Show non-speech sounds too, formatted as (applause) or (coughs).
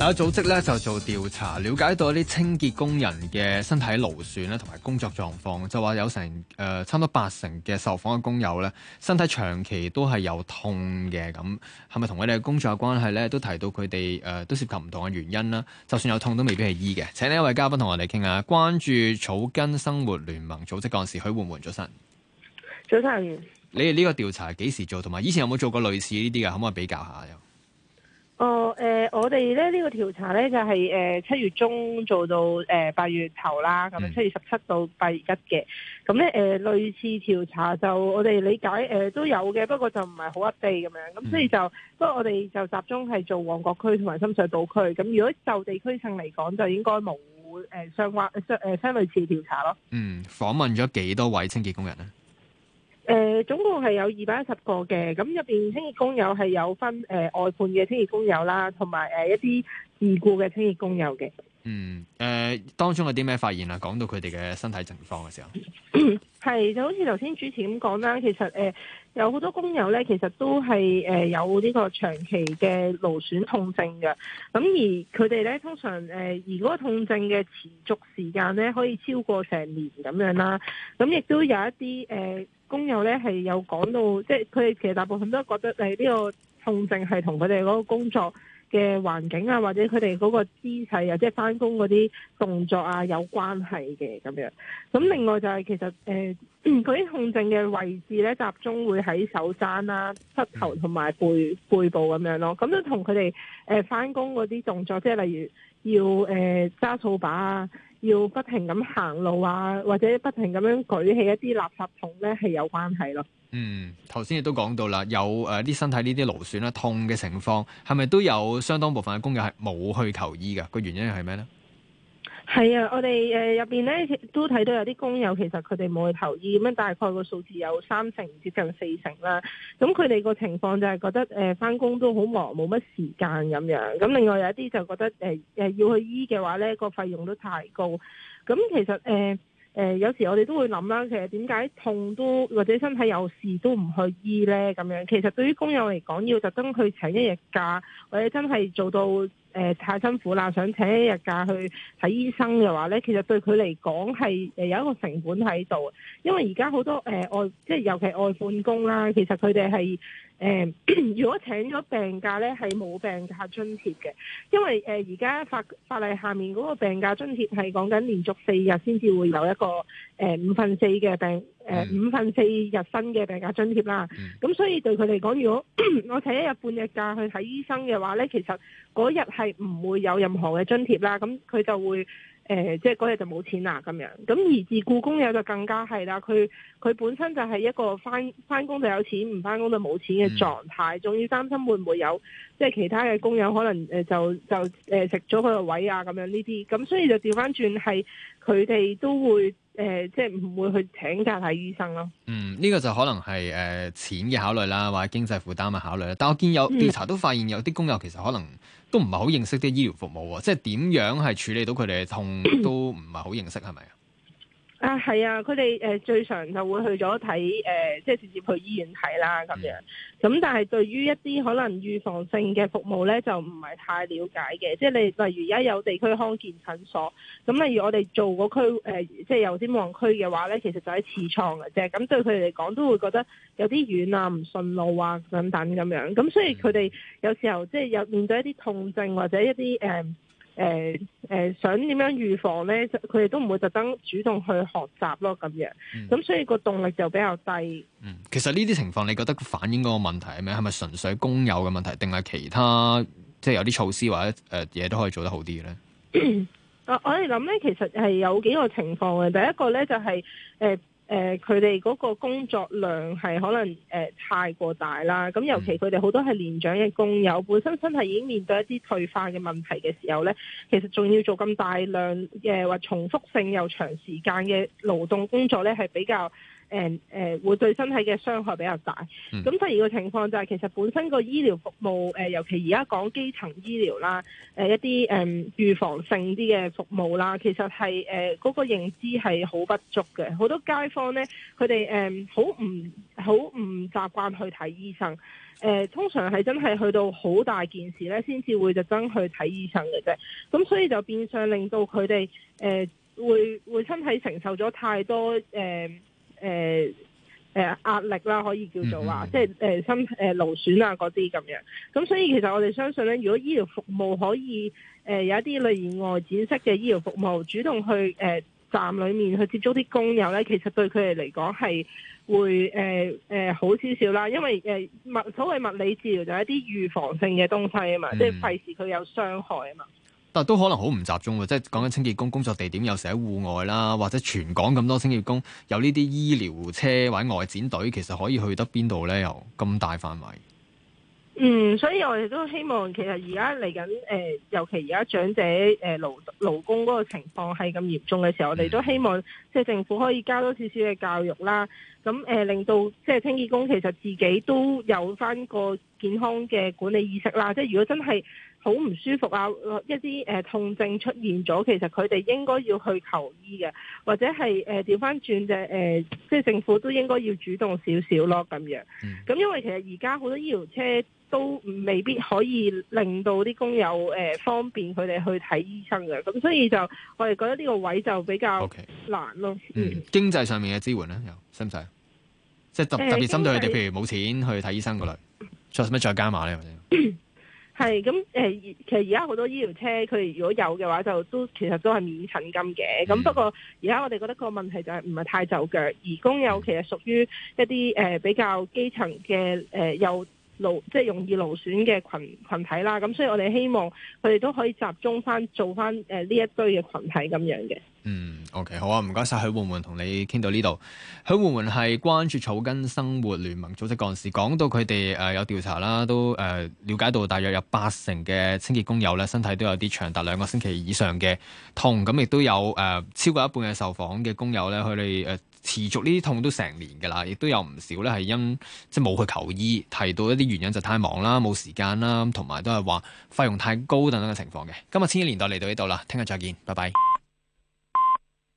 有組織咧就做調查，了解到一啲清潔工人嘅身體勞損咧，同埋工作狀況，就話有成誒、呃、差唔多八成嘅受訪嘅工友咧，身體長期都係有痛嘅。咁，係咪同佢哋嘅工作有關係咧？都提到佢哋誒都涉及唔同嘅原因啦。就算有痛都未必係醫嘅。請呢一位嘉賓同我哋傾下，關注草根生活聯盟組織幹事許垣桓組長。早晨，早晨，你哋呢個調查幾時做？同埋以前有冇做過類似呢啲嘅？可唔可以比較下？哦，誒、呃，我哋咧呢、這個調查咧就係、是、誒、呃、七月中做到誒、呃、八月頭啦，咁、嗯、樣七月十七到八月一嘅。咁咧誒類似調查就我哋理解誒、呃、都有嘅，不過就唔係好 update 咁樣。咁所以就、嗯、不過我哋就集中係做旺角區同埋深水埗區。咁如果就地區性嚟講，就應該冇誒相關誒誒類似調查咯。嗯，訪問咗幾多位清潔工人咧？誒，總共係有二百一十個嘅，咁入邊清潔工友係有分誒、呃、外判嘅清潔工友啦，同埋誒一啲自僱嘅清潔工友嘅。嗯，誒、呃，當中有啲咩發現啊？講到佢哋嘅身體情況嘅時候，係 (coughs) 就好似頭先主持咁講啦。其實誒、呃，有好多工友咧，其實都係誒、呃、有呢個長期嘅勞損痛症嘅。咁而佢哋咧，通常誒、呃、而嗰個痛症嘅持續時間咧，可以超過成年咁樣啦。咁亦都有一啲誒。呃呃工友咧係有講到，即係佢哋其實大部分都覺得誒呢個痛症係同佢哋嗰個工作嘅環境啊，或者佢哋嗰個姿勢啊，即係翻工嗰啲動作啊有關係嘅咁樣。咁另外就係其實誒啲痛症嘅位置咧，集中會喺手踭啦、膝頭同埋背背部咁樣咯。咁都同佢哋誒翻工嗰啲動作，即係例如要誒揸、呃、掃把啊。要不停咁行路啊，或者不停咁樣舉起一啲垃圾桶咧，係有關係咯。嗯，頭先亦都講到啦，有誒啲身體呢啲勞損啦、痛嘅情況，係咪都有相當部分嘅工友係冇去求醫㗎？個原因係咩咧？係啊，我哋誒入邊咧，都睇到有啲工友其實佢哋冇去投醫咁樣，大概個數字有三成接近四成啦。咁佢哋個情況就係覺得誒返工都好忙，冇乜時間咁樣。咁、嗯、另外有一啲就覺得誒誒、呃、要去醫嘅話咧，個費用都太高。咁、嗯、其實誒誒、呃呃、有時我哋都會諗啦，其實點解痛都或者身體有事都唔去醫咧？咁樣其實對於工友嚟講，要特登去請一日假，或者真係做到。誒太辛苦啦，想請一日假去睇醫生嘅話呢，其實對佢嚟講係有一個成本喺度，因為而家好多誒、呃、外即係尤其外判工啦，其實佢哋係。誒、呃，如果請咗病假咧，係冇病假津貼嘅，因為誒而家法法例下面嗰個病假津貼係講緊連續四日先至會有一個誒、呃、五分四嘅病誒、呃、五分四日薪嘅病假津貼啦，咁、嗯、所以對佢嚟講，如果我請一日半日假去睇醫生嘅話咧，其實嗰日係唔會有任何嘅津貼啦，咁佢就會。誒、呃，即係嗰日就冇錢啦，咁樣。咁而自僱工友就更加係啦，佢佢本身就係一個翻翻工就有錢，唔翻工就冇錢嘅狀態，仲要擔心會唔會有即係其他嘅工友可能誒就就誒、呃、食咗佢個位啊，咁樣呢啲。咁所以就調翻轉係佢哋都會。誒，即係唔會去請假睇醫生咯。嗯、呢、這個就可能係誒、呃、錢嘅考慮啦，或者經濟負擔嘅考慮啦。但我見有、嗯、調查都發現有啲工友其實可能都唔係好認識啲醫療服務喎、啊，即係點樣係處理到佢哋嘅痛都唔係好認識係咪啊？ (coughs) 是啊，係啊，佢哋誒最常就會去咗睇誒，即係直接去醫院睇啦咁樣。咁但係對於一啲可能預防性嘅服務咧，就唔係太了解嘅。即係你例如而家有地區康健診所，咁例如我哋做嗰區、呃、即係油尖旺區嘅話咧，其實就喺慈廠嘅啫。咁對佢哋嚟講，都會覺得有啲遠啊，唔順路啊，等等咁樣。咁所以佢哋有時候即係有面對一啲痛症或者一啲誒。呃誒誒、呃呃，想點樣預防咧？佢哋都唔會特登主動去學習咯，咁樣，咁、嗯、所以個動力就比較低。嗯，其實呢啲情況你覺得反映嗰個問題係咩？係咪純粹工友嘅問題，定係其他即係有啲措施或者誒嘢、呃、都可以做得好啲咧、呃？我哋諗咧，其實係有幾個情況嘅。第一個咧就係、是、誒。呃誒佢哋嗰個工作量係可能誒、呃、太過大啦，咁尤其佢哋好多係年長嘅工友，本身身體已經面對一啲退化嘅問題嘅時候呢，其實仲要做咁大量嘅，或、呃、重複性又長時間嘅勞動工作呢，係比較誒誒，會對身體嘅傷害比較大。咁、嗯、第二個情況就係、是，其實本身個醫療服務，誒、呃，尤其而家講基層醫療啦，誒、呃，一啲誒、呃、預防性啲嘅服務啦，其實係誒嗰個認知係好不足嘅。好多街坊呢，佢哋誒好唔好唔習慣去睇醫生。誒、呃，通常係真係去到好大件事咧，先至會特登去睇醫生嘅啫。咁所以就變相令到佢哋誒會會身體承受咗太多誒。呃呃誒誒，壓、呃呃、力啦，可以叫做話，嗯嗯、即係誒心誒勞損啊，嗰啲咁樣。咁所以其實我哋相信咧，如果醫療服務可以誒、呃、有一啲，例如外展式嘅醫療服務，主動去誒、呃、站裏面去接觸啲工友咧，其實對佢哋嚟講係會誒誒、呃呃、好少少啦，因為誒物、呃、所謂物理治療就係一啲預防性嘅東西啊嘛，即係費事佢有傷害啊嘛。嗯嗯都可能好唔集中，即係講緊清潔工工作地點有時喺戶外啦，或者全港咁多清潔工有呢啲醫療車或者外展隊，其實可以去得邊度咧？又咁大範圍？嗯，所以我哋都希望，其實而家嚟緊誒，尤其而家長者誒勞勞工嗰個情況係咁嚴重嘅時候，我哋都希望。嗯即係政府可以加多少少嘅教育啦，咁誒、呃、令到即係、就是、清潔工其實自己都有翻個健康嘅管理意識啦。即、就、係、是、如果真係好唔舒服啊，一啲誒、呃、痛症出現咗，其實佢哋應該要去求醫嘅，或者係誒調翻轉嘅誒，即、呃、係、呃就是、政府都應該要主動少少咯，咁樣。嗯。咁因為其實而家好多醫療車都未必可以令到啲工友誒方便佢哋去睇醫生嘅，咁所以就我哋覺得呢個位就比較難咯。Okay. 嗯，經濟上面嘅支援咧，又使唔使？即係特特別針對佢哋，濟譬如冇錢去睇醫生嗰類，再使唔使再加碼咧？係咁，誒，其實而家好多醫療車，佢哋如果有嘅話，就都其實都係免診金嘅。咁、嗯、不過而家我哋覺得個問題就係唔係太就腳，義工友其實屬於一啲誒比較基層嘅誒、呃，有勞即係容易勞損嘅群羣體啦。咁所以我哋希望佢哋都可以集中翻做翻誒呢一堆嘅群體咁樣嘅。嗯，OK，好啊，唔該晒許垣桓同你傾到呢度。許垣桓係關注草根生活聯盟組織幹事，講到佢哋誒有調查啦，都誒、呃、了解到大約有八成嘅清潔工友咧，身體都有啲長達兩個星期以上嘅痛。咁亦都有誒、呃、超過一半嘅受訪嘅工友咧，佢哋誒持續呢啲痛都成年噶啦。亦都有唔少咧係因即係冇去求醫，提到一啲原因就太忙啦，冇時間啦，同埋都係話費用太高等等嘅情況嘅。今日千禧年代嚟到呢度啦，聽日再見，拜拜。